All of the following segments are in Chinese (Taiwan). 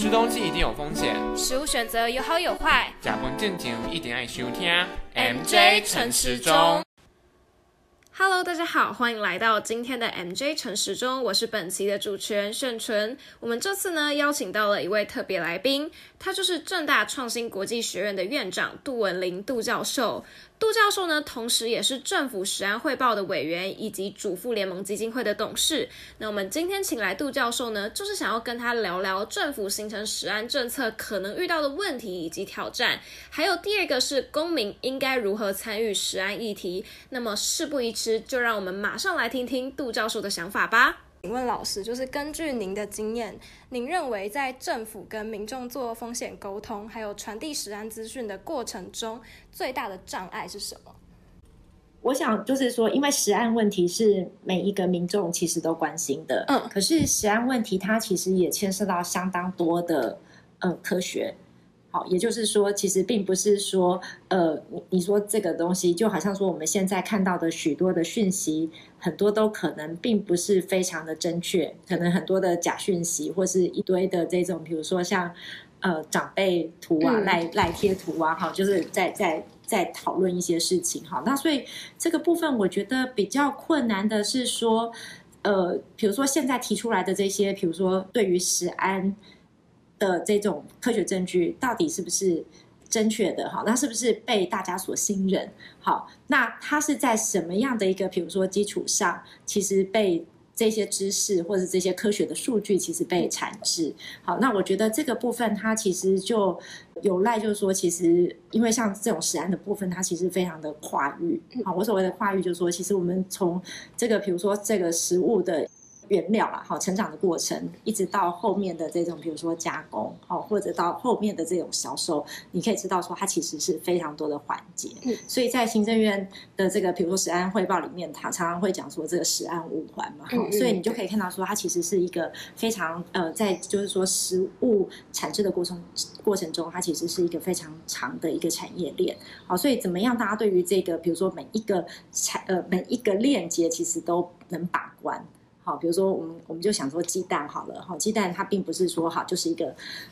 吃東西一定有風險，食物選擇有好有壞。假扮正經一定愛收聽 MJ 誠食中 Hello，大家好，歡迎來到今天的 MJ 誠食中。我是本期的主持人盛純。我們這次呢，邀請到了一位特別來賓，他就是政大創新國際學院的院長杜文苓杜教授。杜教授呢，同時也是政府食安會報的委員，以及主婦聯盟基金會的董事。那我們今天請來杜教授呢，就是想要跟他聊聊政府形成實安食安政策可能遇到的問題以及挑戰，還有第二個是公民應該如何參與食安議題。那麼事不宜遲，就讓我們馬上來聽聽杜教授的想法吧。請問老師，就是根據您的經驗，您認為在政府跟民眾做風險溝通，還有傳遞食安資訊的過程中，最大的障礙是什麽？我想就是說，因為食安問題是每一個民眾其實都關心的，嗯，可是食安問題它其實也牽涉到相當多的嗯科學。也就是說，其實並不是說，呃，你說這個東西，就好像說我們現在看到的許多的訊息，很多都可能並不是非常的正確，可能很多的假訊息，或是一堆的這種，比如說像呃長輩圖啊、賴賴貼圖啊，哈、嗯，就是在在在討論一些事情，哈。那所以這個部分，我覺得比較困難的是說，呃，比如說現在提出來的這些，比如說對於食安。的這種科學證據到底是不是正確的？哈，那是不是被大家所信任？好，那它是在什麼樣的一個，比如說基礎上，其實被這些知識或者這些科學的數據其實被產製？好，那我覺得這個部分它其實就有賴，就是說，其實因為像這種食安的部分，它其實非常的跨域。好，我所謂的跨域，就是說，其實我們從這個，比如說這個食物的。原料啊，好，成長的過程，一直到後面的這種，比如說加工，好，或者到後面的這種銷售，你可以知道說它其實是非常多的環節。嗯。所以在行政院的這個，比如說食安會報裡面，它常常會講說這個食安五環嘛，好、嗯，所以你就可以看到說它其實是一個非常、嗯、呃，在就是說食物產製的過程過程中，它其實是一個非常長的一個產業鏈。好，所以怎麼樣？大家對於這個，比如說每一個產呃每一個鏈接，其實都能把關。好，比如說我們我們就想說雞蛋好了，好，雞蛋它並不是說好就是一個，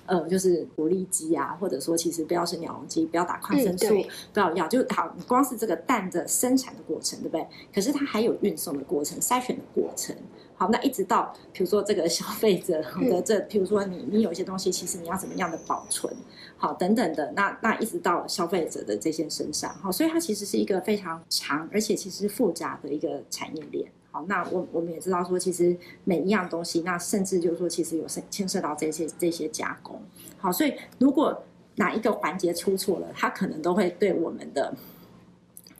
呃，就是鼓勵雞啊，或者說其實不要是鳥籠雞，不要打抗生素，嗯、不要要就好，光是這個蛋的生產的過程，對不對？可是它還有運送的過程、篩選的過程，好，那一直到比如說這個消費者的這，嗯、比如說你你有一些東西，其實你要怎麼樣的保存，好等等的，那那一直到消費者的這些身上，好，所以它其實是一個非常長而且其實是複雜的一個產業鏈。那我我們也知道說，其實每一樣東西，那甚至就是說，其實有涉牽涉到這些這些加工，好，所以如果哪一個環節出錯了，它可能都會對我們的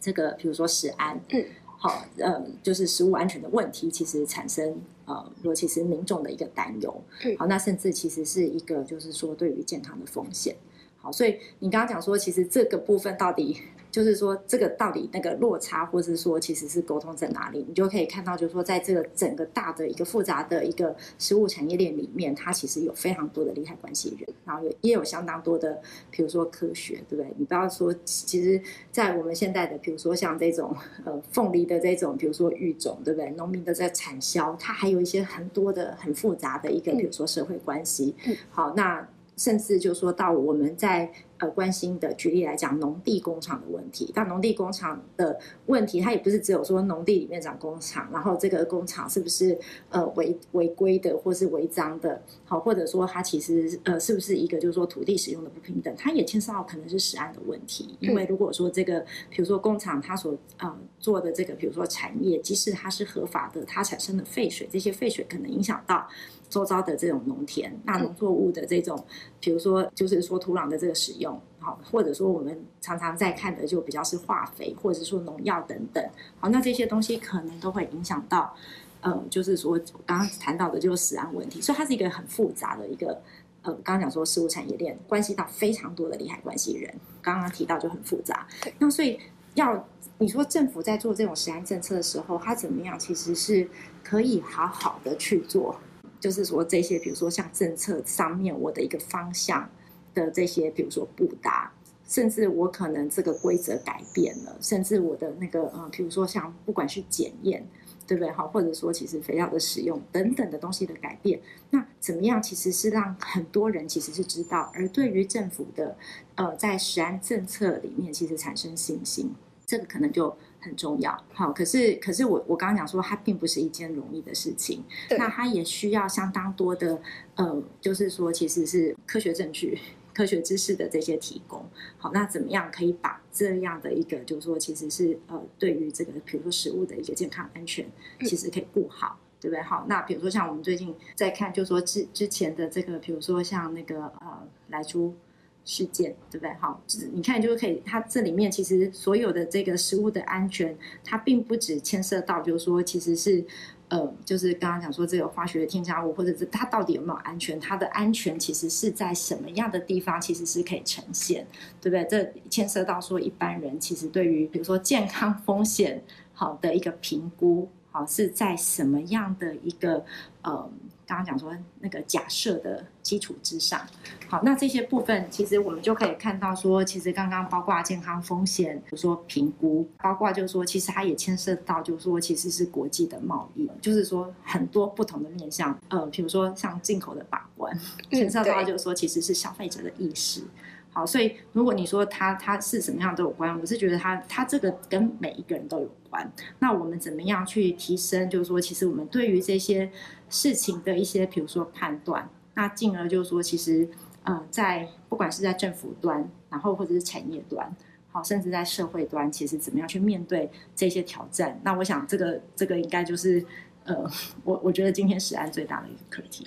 這個，比如說食安，嗯，好，呃，就是食物安全的問題，其實產生呃，尤其是民眾的一個擔憂，嗯，好，那甚至其實是一個就是說對於健康的風險，好，所以你剛剛講說，其實這個部分到底。就是說，這個到底那個落差，或是說其實是溝通在哪裡？你就可以看到，就是說，在這個整個大的一個複雜的一個食物產業鏈裡面，它其實有非常多的利害關係人，然後也也有相當多的，比如說科學，對不對？你不要說，其實在我們現在的，比如說像這種呃鳳梨的這種，比如說育種，對不對？農民的在產銷，它還有一些很多的很複雜的一個，比如說社會關係。好，那甚至就說到我們在。呃，關心的，舉例來講，農地工廠的問題。但農地工廠的問題，它也不是只有說農地裡面長工廠，然後這個工廠是不是呃違違規的，或是違章的，好、哦，或者說它其實呃是不是一個就是說土地使用的不平等，它也牽涉到可能是食安的問題。因為如果說這個，比如說工廠它所呃做的這個，比如說產業，即使它是合法的，它產生的廢水，這些廢水可能影響到。周遭的這種農田，那農作物的這種，比如說就是說土壤的這個使用，好，或者說我們常常在看的就比較是化肥，或者是說農藥等等，好，那這些東西可能都會影響到，呃、就是說剛剛談到的就是食安問題，所以它是一個很複雜的一個，呃，剛剛講說食物產業鏈關係到非常多的利害關係人，剛剛提到就很複雜，那所以要你說政府在做這種食安政策的時候，它怎麼樣其實是可以好好的去做。就是說，這些比如說像政策上面我的一個方向的這些，比如說不達，甚至我可能這個規則改變了，甚至我的那個嗯、呃，比如說像不管是檢驗，對不對？或者說其實肥料的使用等等的東西的改變，那怎麼樣其實是讓很多人其實是知道，而對於政府的呃在食安政策裡面其實產生信心，這個可能就。很重要，好，可是可是我我剛剛講說，它並不是一件容易的事情，那它也需要相當多的，呃，就是說其實是科學證據、科學知識的這些提供，好，那怎麼樣可以把這樣的一個，就是說其實是呃，對於這個比如說食物的一個健康安全、嗯，其實可以顧好，對不對？好，那比如說像我們最近在看，就是說之之前的這個，比如說像那個呃，萊豬。事件對不對？好，就是你看，就是可以。它這裡面其實所有的這個食物的安全，它並不只牽涉到，比如說，其實是，嗯、呃，就是剛剛講說這個化學的添加物，或者是它到底有沒有安全，它的安全其實是在什麼樣的地方，其實是可以呈現，對不對？這牽涉到說一般人其實對於比如說健康風險好的一個評估，好是在什麼樣的一個嗯。呃剛剛講說那個假設的基礎之上，好，那這些部分其實我們就可以看到說，其實剛剛包括健康風險，比如說評估，包括就是說，其實它也牽涉到就是說，其實是國際的貿易，就是說很多不同的面向，呃，比如說像進口的把關，嗯、牽涉到就是說其實是消費者的意識。好，所以如果你說它它是什麼樣都有關，我是覺得它它這個跟每一個人都有關。那我們怎麼樣去提升？就是說，其實我們對於這些。事情的一些，比如說判斷，那進而就是說，其實，呃，在不管是在政府端，然後或者是產業端，好，甚至在社會端，其實怎麼樣去面對這些挑戰？那我想，這個這個應該就是，呃，我我覺得今天食安最大的一個課題。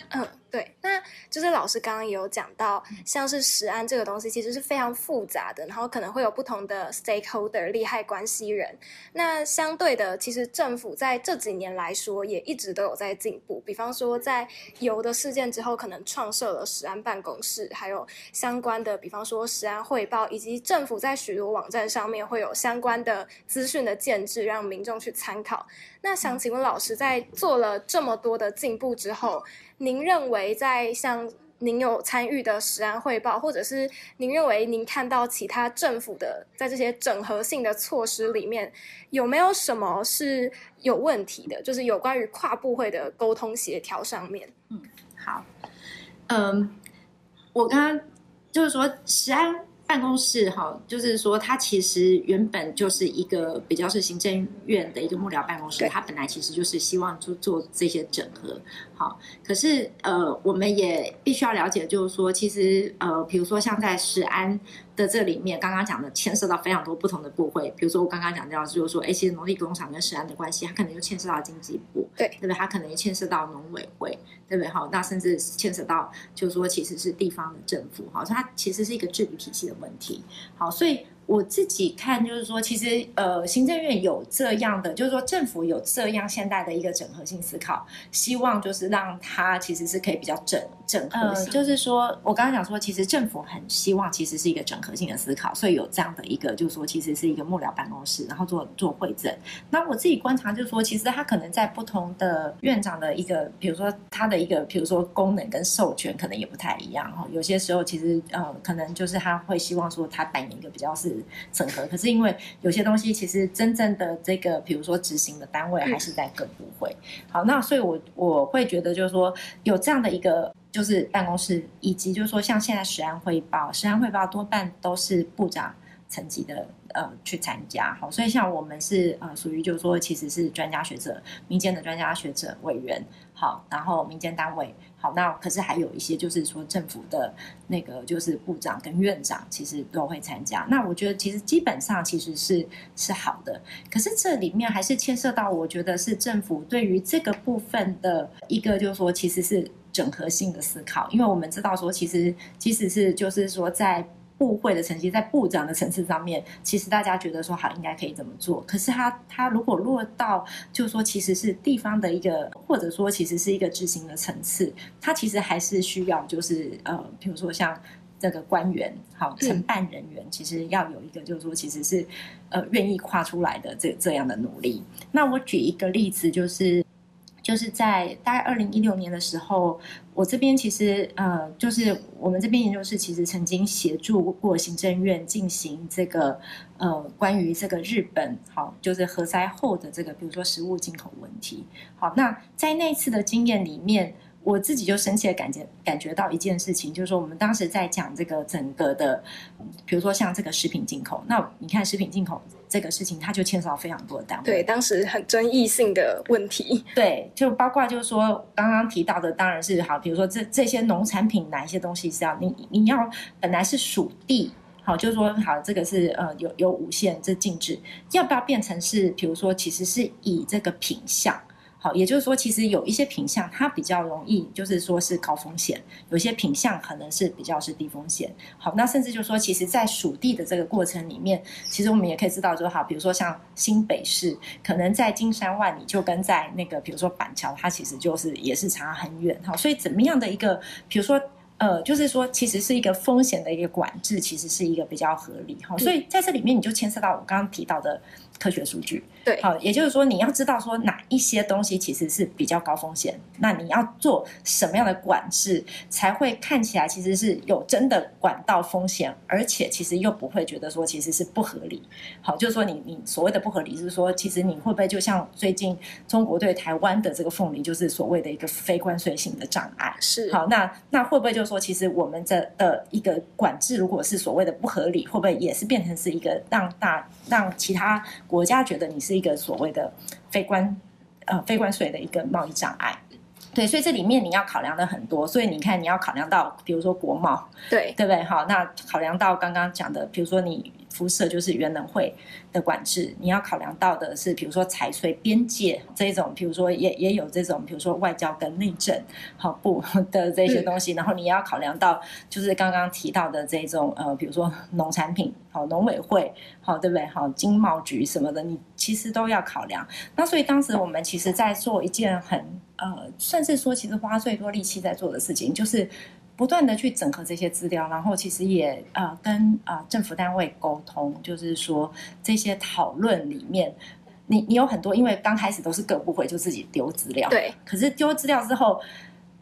對，那就是老師剛剛也有講到，像是食安這個東西其實是非常複雜的，然後可能會有不同的 stakeholder 利害關係人。那相對的，其實政府在這幾年來說也一直都有在進步。比方說，在油的事件之後，可能創設了食安辦公室，還有相關的，比方說食安會報，以及政府在許多網站上面會有相關的資訊的建置，讓民眾去參考。那想請問老師，在做了這麼多的進步之後，您認為，在像您有參與的食安會報，或者是您認為您看到其他政府的在這些整合性的措施裡面，有沒有什麼是有問題的？就是有關於跨部會的溝通協調上面。嗯，好，嗯、um，我剛剛就是說食安。辦公室哈、哦，就是說，它其實原本就是一個比較是行政院的一個幕僚辦公室，它本來其實就是希望就做這些整合。好，可是呃，我們也必須要了解，就是說，其實呃，比如說像在食安。的這裡面剛剛講的牽涉到非常多不同的部會，比如說我剛剛講到就是說，哎，其實農地工廠跟食安的關係，它可能就牽涉到經濟部，對不對？它可能也牽涉到農委會，對不對？好，那甚至牽涉到就是說，其實是地方的政府，好，它其實是一個治理體系的問題，好，所以。我自己看就是說，其實呃，行政院有這樣的，就是說政府有這樣現代的一個整合性思考，希望就是讓它其實是可以比較整整合性。呃、就是說我剛剛講說，其實政府很希望其實是一個整合性的思考，所以有這樣的一個就是說，其實是一個幕僚辦公室，然後做做會診。那我自己觀察就是說，其實他可能在不同的院長的一個，比如說他的一個，比如說功能跟授權可能也不太一樣。然後、哦、有些時候其實呃，可能就是他會希望說他扮演一個比較是。整合，可是因為有些東西，其實真正的這個，比如說執行的單位還是在各部會。嗯、好，那所以我我會覺得就是說有這樣的一個就是辦公室，以及就是說像現在食安會報，食安會報多半都是部長層級的呃去參加。好，所以像我們是呃屬於就是說其實是專家學者、民間的專家學者委員。好，然後民間單位好，那可是還有一些就是說政府的那個就是部長跟院長其實都會參加。那我覺得其實基本上其實是是好的，可是這裡面還是牽涉到我覺得是政府對於這個部分的一個就是說其實是整合性的思考，因為我們知道說其實其實是就是說在。部會的成績在部長的層次上面，其實大家覺得說好，應該可以怎麼做，可是他他如果落到就是說，其實是地方的一個，或者說其實是一個執行的層次，他其實還是需要就是呃，比如說像這個官員好，承辦人員，其實要有一個就是說其實是呃願意跨出來的這這樣的努力。那我舉一個例子就是。就是在大概二零一六年的時候，我這邊其實呃，就是我們這邊研究室其實曾經協助過行政院進行這個呃，關於這個日本好，就是核災後的這個比如說食物進口問題，好，那在那次的經驗裡面。我自己就深切感覺感覺到一件事情，就是說我們當時在講這個整個的，比如說像這個食品進口，那你看食品進口這個事情，它就牽涉到非常多的單位，對，當時很爭議性的問題，對，就包括就是說剛剛提到的，當然是好，比如說這這些農產品哪一些東西是要你你要本來是屬地，好，就是說好，這個是呃有有五限這禁止，要不要變成是，比如說其實是以這個品項。好，也就是說，其實有一些品項它比較容易，就是說是高風險；有些品項可能是比較是低風險。好，那甚至就是說，其實，在屬地的這個過程裡面，其實我們也可以知道說，就好，比如說像新北市，可能在金山萬里，就跟在那個比如說板橋，它其實就是也是差很遠。哈，所以怎麼樣的一個，比如說。呃，就是說，其實是一個風險的一個管制，其實是一個比較合理哈、哦。所以在這裡面，你就牽涉到我剛剛提到的科學數據，對，好、哦，也就是說，你要知道說哪一些東西其實是比較高風險，那你要做什麼樣的管制，才會看起來其實是有真的管到風險，而且其實又不會覺得說其實是不合理。好、哦，就是說你，你你所謂的不合理，就是說其實你會不會就像最近中國對台灣的這個鳳梨，就是所謂的一個非關稅性的障礙，是好、哦，那那會不會就是？說，其實我們這呃一個管制，如果是所謂的不合理，會不會也是變成是一個讓大讓其他國家覺得你是一個所謂的非關呃非關稅的一個貿易障礙？對，所以這裡面你要考量的很多，所以你看你要考量到，比如說國貿，對，對不對？好，那考量到剛剛講的，比如說你。輻射就是原能會的管制，你要考量到的是，比如說財稅邊界這種，比如說也也有這種，比如說外交跟內政好不的這些東西，嗯、然後你也要考量到就是剛剛提到的這種呃，比如說農產品好、哦、農委會好、哦、對不對好、哦、經貿局什麼的，你其實都要考量。那所以當時我們其實在做一件很呃，算是說其實花最多力氣在做的事情，就是。不斷的去整合這些資料，然後其實也、呃、跟啊、呃、政府單位溝通，就是說這些討論裡面，你你有很多，因為剛開始都是各部會就自己丟資料，對。可是丟資料之後，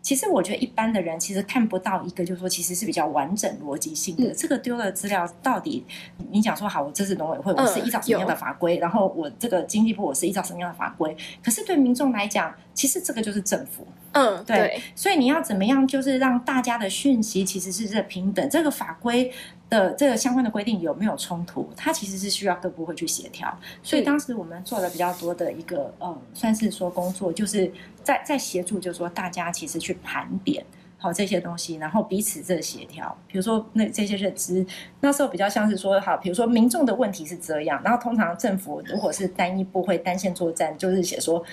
其實我覺得一般的人其實看不到一個，就是說其實是比較完整邏輯性的、嗯。這個丟的資料到底，你講說好，我這是農委會，我是依照什麼樣的法規，嗯、然後我這個經濟部我是依照什麼樣的法規，可是對民眾來講，其實這個就是政府。嗯，對，所以你要怎麼樣，就是讓大家的訊息其實是這平等，這個法規的這個相關的規定有沒有衝突？它其實是需要各部會去協調。所以當時我們做了比較多的一個呃、嗯，算是說工作，就是在在協助，就是說大家其實去盤點好這些東西，然後彼此這協調。比如說那這些認知，那時候比較像是說，好，比如說民眾的問題是這樣，然後通常政府如果是單一部會單線作戰，就是寫說，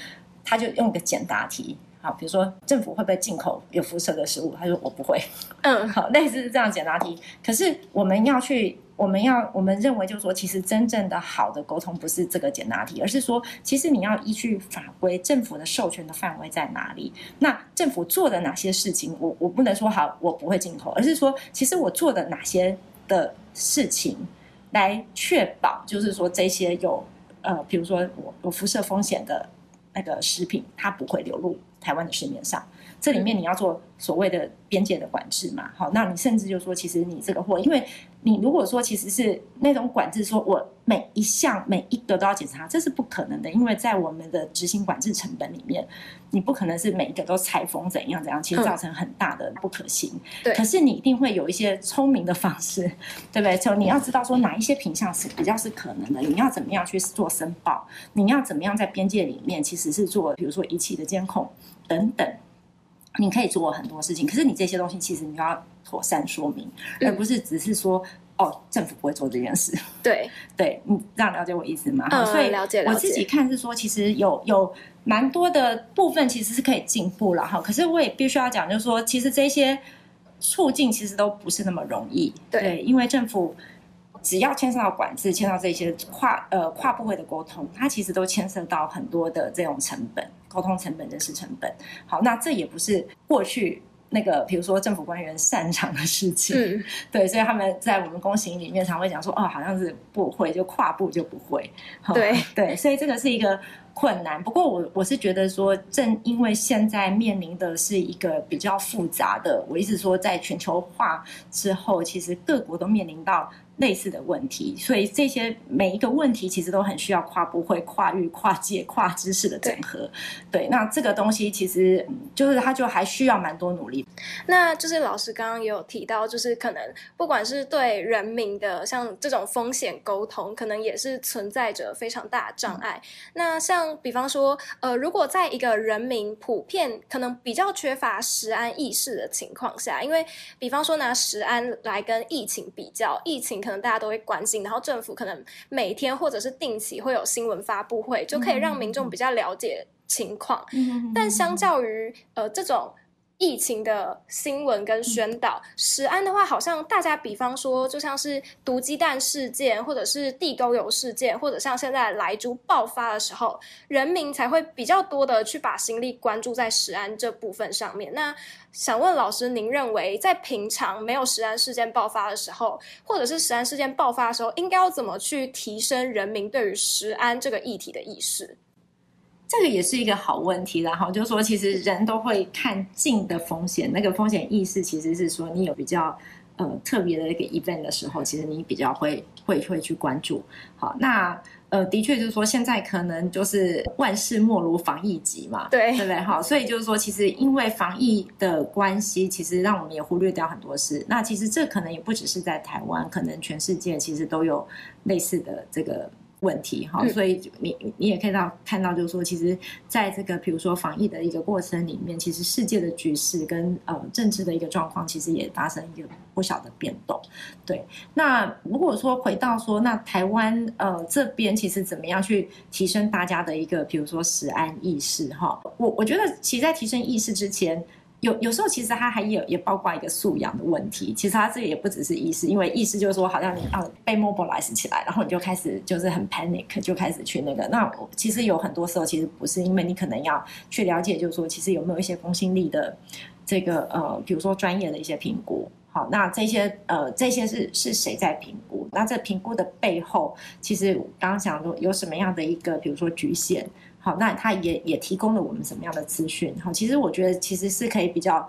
他就用個簡答題。好，比如說政府會不會進口有輻射的食物？他說我不會。嗯，好，類似這樣的簡答題。可是我們要去，我們要我們認為就是說，其實真正的好的溝通不是這個簡答題，而是說，其實你要依據法規，政府的授權的範圍在哪裡？那政府做的哪些事情，我我不能說好我不會進口，而是說，其實我做的哪些的事情來確保，就是說這些有呃，比如說我有輻射風險的。那個食品，它不會流入台灣的市面上。這裡面你要做所謂的邊界的管制嘛？好，那你甚至就說，其實你這個貨，因為你如果說其實是那種管制，說我每一項每一個都要檢查，這是不可能的，因為在我們的執行管制成本裡面，你不可能是每一個都裁封怎樣怎樣，其實造成很大的不可行、嗯。對，可是你一定會有一些聰明的方式，對不對？就你要知道說哪一些品項是比較是可能的，你要怎麼樣去做申報，你要怎麼樣在邊界裡面其實是做，比如說儀器的監控等等。你可以做很多事情，可是你這些東西其實你要妥善說明，嗯、而不是只是說哦，政府不會做這件事。對，對你，這樣了解我意思嗎？嗯，所以了解了我自己看是說，嗯、其實有有蠻多的部分其實是可以進步了哈。可是我也必須要講，就是說，其實這些促進其實都不是那麼容易對。對，因為政府只要牽涉到管制，牽涉到這些跨呃跨部會的溝通，它其實都牽涉到很多的這種成本。溝通成本、人事成本，好，那這也不是過去那個，比如說政府官員擅長的事情。嗯、對，所以他們在我們公行裡面，常會講說，哦，好像是不會，就跨步就不會。對對，所以這個是一個困難。不過我我是覺得說，正因為現在面臨的是一個比較複雜的，我一直說，在全球化之後，其實各國都面臨到。類似的問題，所以這些每一個問題其實都很需要跨部會、跨域、跨界、跨知識的整合。對，對那這個東西其實就是它就還需要蠻多努力。那就是老師剛剛也有提到，就是可能不管是對人民的像這種風險溝通，可能也是存在着非常大障礙、嗯。那像比方說，呃，如果在一個人民普遍可能比較缺乏食安意識的情況下，因為比方說拿食安來跟疫情比較，疫情。可能大家都會關心，然後政府可能每天或者是定期會有新聞發布會，嗯、就可以讓民眾比較了解情況。嗯、但相較於呃這種。疫情的新聞跟宣導，食安的話，好像大家比方說，就像是毒雞蛋事件，或者是地溝油事件，或者像現在萊豬爆發的時候，人民才會比較多的去把心力關注在食安這部分上面。那想問老師，您認為在平常沒有食安事件爆發的時候，或者是食安事件爆發的時候，應該要怎麼去提升人民對於食安這個議題的意識？這個也是一個好問題，然後就是說，其實人都會看近的風險，那個風險意識其實是說，你有比較、呃、特別的一個 event 的時候，其實你比較會會會去關注。好，那呃的確就是說，現在可能就是萬事莫如防疫急嘛，對對不對？好，所以就是說，其實因為防疫的關係，其實讓我們也忽略掉很多事。那其實這可能也不只是在台灣，可能全世界其實都有類似的這個。問題哈，所以你你也看到看到，看到就是說，其實在這個比如說防疫的一個過程裡面，其實世界的局勢跟呃政治的一個狀況，其實也發生一個不小的變動。對，那如果說回到說，那台灣呃這邊其實怎麼樣去提升大家的一個比如說食安意識哈？我我覺得，其實在提升意識之前。有有時候其實它還有也，也包括一個素養的問題，其實它這個也不只是意識，因為意識就是說，好像你啊被 mobilize 起來，然後你就開始就是很 panic，就開始去那個。那其實有很多時候其實不是，因為你可能要去了解，就是說其實有沒有一些公信力的這個呃，比如說專業的一些評估。好，那這些呃這些是是誰在評估？那這評估的背後，其實我剛剛講說有什麼樣的一個，比如說局限。好，那他也也提供了我們什麼樣的資訊？好，其實我覺得其實是可以比較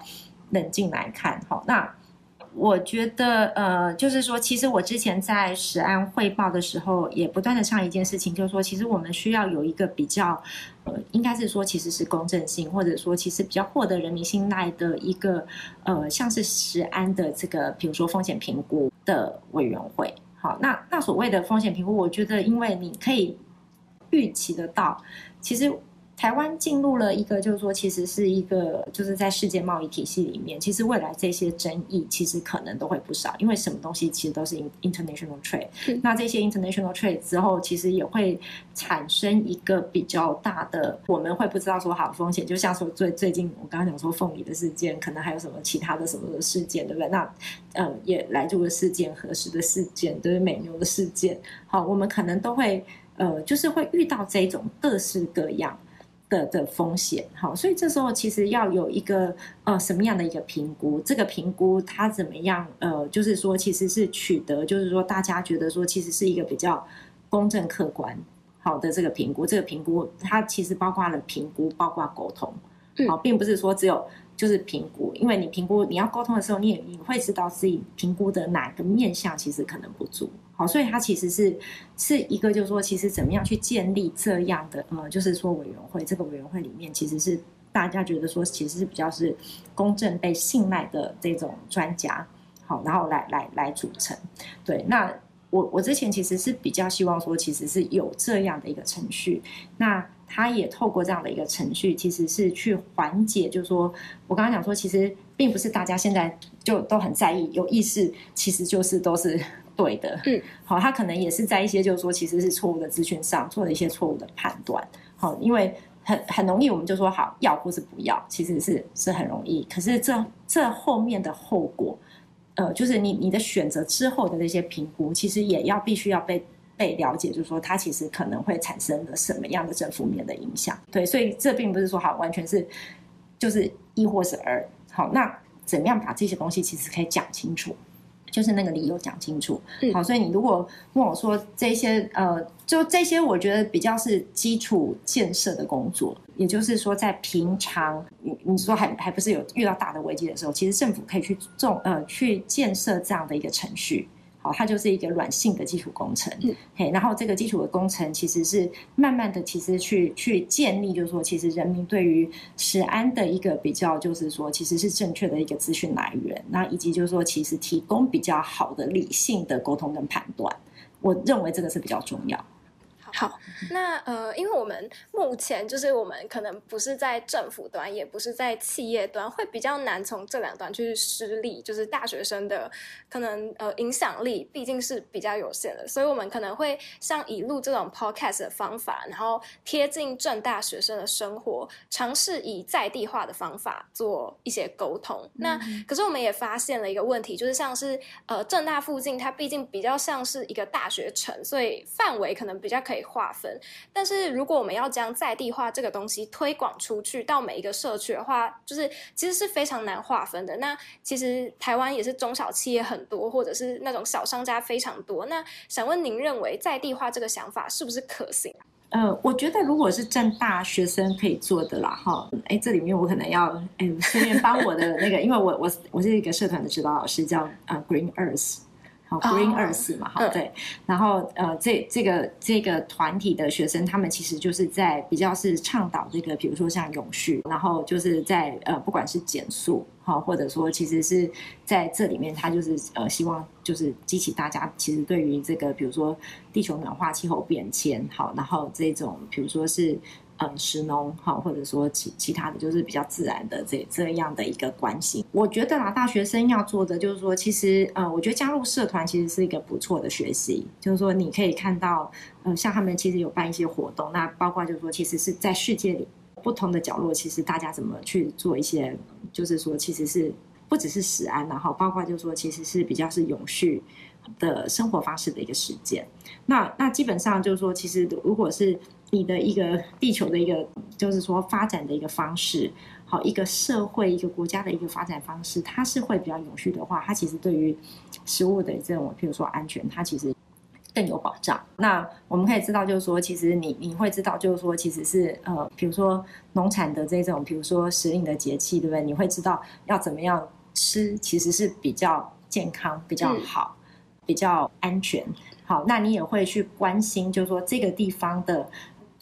冷靜來看。好，那我覺得呃，就是說，其實我之前在食安會報的時候，也不斷的上一件事情，就是說，其實我們需要有一個比較、呃，應該是說其實是公正性，或者說其實比較獲得人民信賴的一個，呃，像是食安的這個，比如說風險評估的委員會。好，那那所謂的風險評估，我覺得因為你可以。預期得到，其實台灣進入了一個，就是說，其實是一個，就是在世界貿易體系裡面，其實未來這些爭議其實可能都會不少，因為什麼東西其實都是 in international trade 是。那這些 international trade 之後，其實也會產生一個比較大的，我們會不知道說好的風險，就像說最最近我剛剛講說鳳梨的事件，可能還有什麼其他的什麼事件，對不對？那嗯，也來這個事件，核實的事件，對於美牛的事件，好，我們可能都會。呃，就是會遇到這種各式各樣的的風險，好，所以這時候其實要有一個呃什麼樣的一個評估？這個評估它怎麼樣？呃，就是說其實是取得，就是說大家覺得說其實是一個比較公正客觀好的這個評估。這個評估它其實包括了評估，包括溝通，好，並不是說只有就是評估，因為你評估你要溝通的時候，你也你會知道自己評估的哪個面向其實可能不足。好，所以他其實是是一個，就是說，其實怎麼樣去建立這樣的，呃，就是說委員會。這個委員會裡面其實是大家覺得說，其實是比較是公正、被信賴的這種專家。好，然後來來來組成。對，那我我之前其實是比較希望說，其實是有這樣的一個程序。那他也透過這樣的一個程序，其實是去緩解，就是說我剛剛講說，其實並不是大家現在就都很在意、有意識，其實就是都是。對的，嗯，好，他可能也是在一些就是說，其實是錯誤的資訊上做了一些錯誤的判斷，好，因為很很容易我們就說好要或是不要，其實是是很容易，可是這這後面的後果，呃，就是你你的選擇之後的那些評估，其實也要必須要被被了解，就是說它其實可能會產生了什麼樣的正負面的影響，對，所以這並不是說好完全是就是一或是二。好，那怎麼樣把這些東西其實可以講清楚？就是那個理由講清楚，好，所以你如果問我說這些呃，就這些，我覺得比較是基礎建設的工作，也就是說，在平常你你說還還不是有遇到大的危機的時候，其實政府可以去重，呃，去建設這樣的一個程序。哦，它就是一個軟性的基礎工程。嗯，嘿，然後這個基礎的工程其實是慢慢的，其實去去建立，就是說，其實人民對於食安的一個比較，就是說，其實是正確的一個資訊來源，那以及就是說，其實提供比較好的理性的溝通跟判斷，我認為這個是比較重要。好，那呃，因為我們目前就是我們可能不是在政府端，也不是在企業端，會比較難從這兩端去施力。就是大學生的可能呃影響力畢竟是比較有限的，所以我們可能會像以錄這種 podcast 的方法，然後貼近政大學生的生活，嘗試以在地化的方法做一些溝通。嗯嗯，那可是我們也發現了一個問題，就是像是呃政大附近，它畢竟比較像是一個大學城，所以範圍可能比較可以劃分，但是如果我們要將在地化這個東西推廣出去到每一個社區的話，就是其實是非常難劃分的。那其實台灣也是中小企業很多，或者是那種小商家非常多。那想問您認為在地化這個想法是不是可行？呃，我覺得如果是政大學生可以做的啦，哈、哦。哎，這裡面我可能要嗯，順便幫我的那個， 因為我我我是一個社團的指導老師，叫啊、uh, Green Earth。好，oh，Green Earth 嘛，好，對，然後呃，這這個這個團體的學生，他們其實就是在比較是倡導這個，比如說像永續，然後就是在呃，不管是減速，好，或者說其實是在這裡面，他就是呃，希望就是激起大家其實對於這個，比如說地球暖化、氣候變遷，好，然後這種，比如說是。嗯，食農哈，或者說其其他的就是比較自然的這這樣的一個關係。我覺得啦，大學生要做的就是說，其實呃，我覺得加入社團其實是一個不錯的學習，就是說你可以看到，呃，像他們其實有辦一些活動，那包括就是說，其實是在世界裡不同的角落，其實大家怎麼去做一些，就是說其實是不只是食安然後，包括就是說其實是比較是永續的生活方式的一個實踐，那那基本上就是說，其實如果是。你的一個地球的一個，就是說發展的一個方式，好，一個社會一個國家的一個發展方式，它是會比較永續的話，它其實對於食物的這種，譬如說安全，它其實更有保障。那我們可以知道，就是說，其實你你會知道，就是說，其實是呃，比如說農產的這種，比如說時令的節氣，對不對？你會知道要怎麼樣吃，其實是比較健康，比較好、嗯、比較安全。好，那你也會去關心，就是說這個地方的。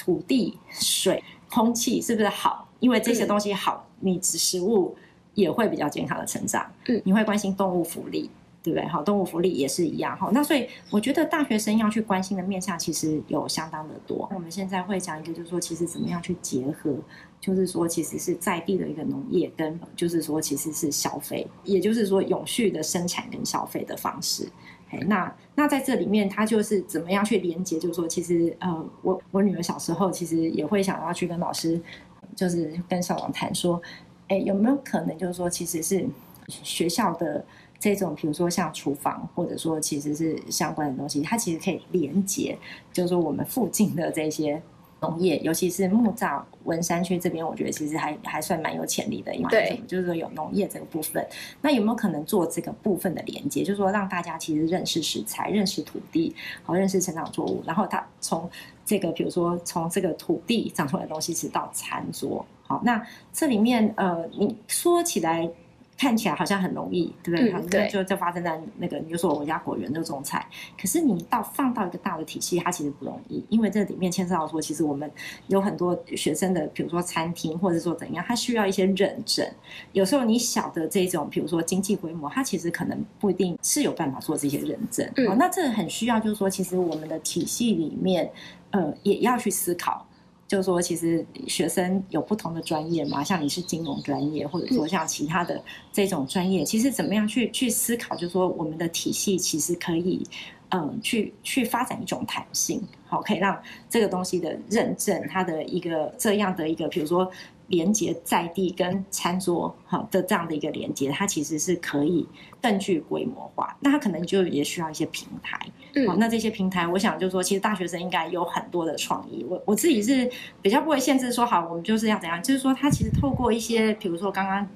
土地、水、空氣是不是好？因為這些東西好，你食物也會比較健康的成長。嗯，你會關心動物福利，對不對？好，動物福利也是一樣。好，那所以我覺得大學生要去關心的面向其實有相當的多。那我們現在會講一個，就是說其實怎麼樣去結合，就是說其實是在地的一個農業，跟就是說其實是消費，也就是說永續的生產跟消費的方式。那那在這裡面，他就是怎麼樣去連接？就是說，其實呃，我我女兒小時候其實也會想要去跟老師，就是跟校長談說，哎、欸，有沒有可能就是說，其實是學校的這種，比如說像廚房，或者說其實是相關的東西，它其實可以連接，就是說我們附近的這些。農業，尤其是木柵，文山區這邊，我覺得其實還還算蠻有潛力的嘛。對，就是說有農業這個部分，那有沒有可能做這個部分的連接？就是說讓大家其實認識食材、認識土地，好，認識成長作物，然後它從這個，比如說從這個土地長出來的東西吃到餐桌，好，那這裡面呃，你說起來。看起來好像很容易，對不、嗯、對？好像就就發生在那個，你就說我們家果園的種菜，可是你到放到一個大的體系，它其實不容易，因為這裡面牽涉到說，其實我們有很多學生的，比如說餐廳或者說怎樣，它需要一些認證。有時候你小的這種，比如說經濟規模，它其實可能不一定是有辦法做這些認證、嗯。那這個很需要，就是說，其實我們的體系裡面，呃，也要去思考。就是說，其實學生有不同的專業嘛，像你是金融專業，或者說像其他的這種專業，其實怎麼樣去去思考？就是說，我們的體系其實可以，嗯，去去發展一種彈性，好，可以讓這個東西的認證，它的一個這樣的一個，比如說。連接在地跟餐桌哈的這樣的一個連接，它其實是可以更具規模化，那它可能就也需要一些平台。好、嗯，那這些平台，我想就是說，其實大學生應該有很多的創意。我我自己是比較不會限制說，好，我們就是要怎樣，就是說，它其實透過一些，比如說剛剛，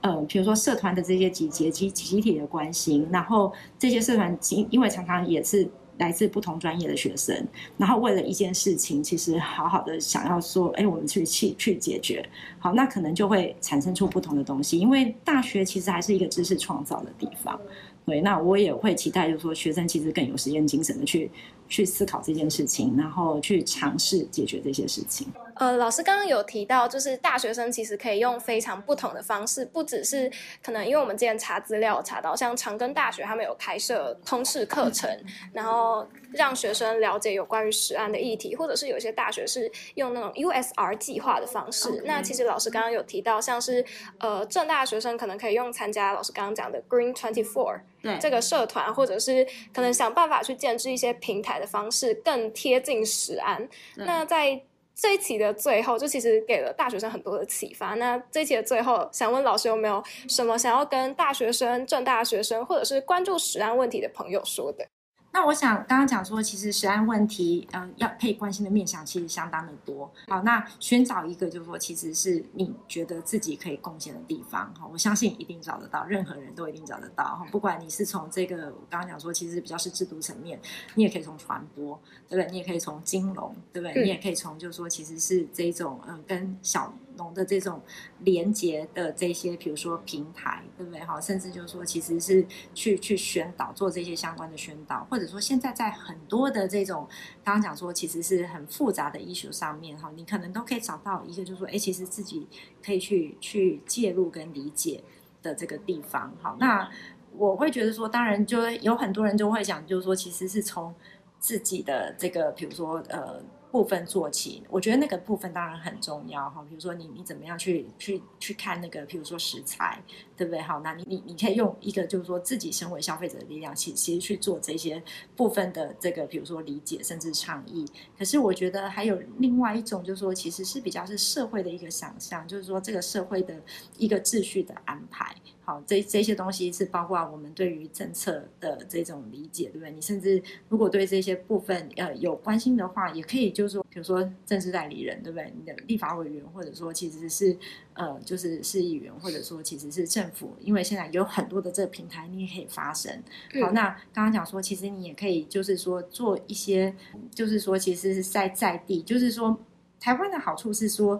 呃，比如說社團的這些集結集集體的關心，然後這些社團因因為常常也是。來自不同專業的學生，然後為了一件事情，其實好好的想要說，哎，我們去去去解決，好，那可能就會產生出不同的東西，因為大學其實還是一個知識創造的地方，對，那我也會期待，就是說學生其實更有實驗精神的去。去思考這件事情，然後去嘗試解決這些事情。呃，老師剛剛有提到，就是大學生其實可以用非常不同的方式，不只是可能，因為我們之前查資料查到，像長庚大學他們有開設通識課程，然後讓學生了解有關於食安的議題，或者是有些大學是用那種 USR 計劃的方式。Okay. 那其實老師剛剛有提到，像是呃，政大學生可能可以用參加老師剛剛講的 Green Twenty、okay. Four 對這個社團，或者是可能想辦法去建制一些平台。的方式更貼近食安。那在這一期的最後，就其實給了大學生很多的啟發。那這一期的最後，想問老師有沒有什麼想要跟大學生、政大學生或者是關注食安問題的朋友說的？那我想剛剛講說，其實食安問題，嗯，要配關心的面向其實相當的多。好，那尋找一個就是說，其實是你覺得自己可以貢獻的地方。我相信一定找得到，任何人都一定找得到。不管你是從這個，我剛剛講說，其實比較是制度層面，你也可以從傳播，對不對？你也可以從金融，對不對？你也可以從就是說，其實是這種嗯、呃，跟小。的這種連接的這些，比如說平台，對不對哈？甚至就是說，其實是去去宣導，做這些相關的宣導，或者說現在在很多的這種剛剛講說，其實是很複雜的 issue 上面哈，你可能都可以找到一個，就是說，哎，其實自己可以去去介入跟理解的這個地方哈。那我會覺得說，當然就有很多人就會講，就是說，其實是從自己的這個，比如說呃。部分做起，我覺得那個部分當然很重要哈。比如說你你怎麼樣去去去看那個，比如說食材，對不對？好，那你你你可以用一個就是說自己身為消費者的力量，其其實去做這些部分的這個，比如說理解甚至倡議。可是我覺得還有另外一種，就是說其實是比較是社會的一個想象，就是說這個社會的一個秩序的安排。好，這這些東西是包括我們對於政策的這種理解，對不對？你甚至如果對這些部分呃有關心的話，也可以就是說，比如說政治代理人，對不對？你的立法委員，或者說其實是呃，就是市議員，或者說其實是政府，因為現在有很多的這個平台，你也可以發聲。好，那剛剛講說，其實你也可以就是說做一些，就是說，其實是在在地，就是說台灣的好處是說，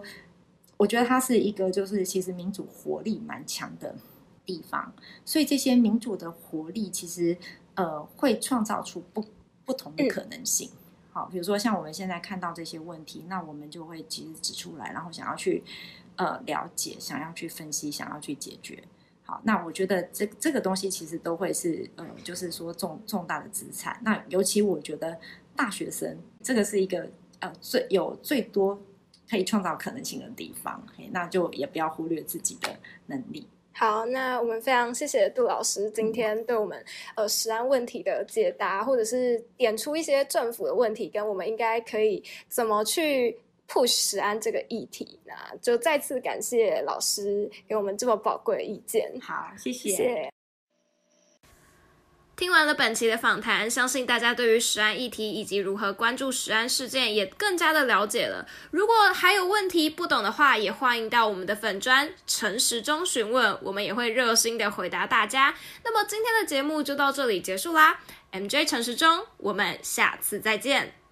我覺得它是一個就是其實民主活力蠻強的地方，所以這些民主的活力其實，呃，會創造出不不同的可能性。嗯。好，比如說像我們現在看到這些問題，那我們就會及時指出來，然後想要去呃了解，想要去分析，想要去解決。好，那我覺得這這個東西其實都會是呃，就是說重重大的資產。那尤其我覺得大學生，這個是一個呃最有最多可以創造可能性的地方，嘿，那就也不要忽略自己的能力。好，那我們非常謝謝杜老師今天對我們、嗯、呃食安問題的解答，或者是點出一些政府的問題，跟我們應該可以怎麼去 push 食安這個議題呢？就再次感謝老師給我們這麼寶貴的意見。好，謝謝。謝謝聽完了本期的訪談，相信大家對於食安議題以及如何關注食安事件也更加的了解了。如果還有問題不懂的話，也歡迎到我們的粉專誠食中詢問，我們也會熱心的回答大家。那麼今天的節目就到這裡結束啦，MJ 誠食中，我們下次再見。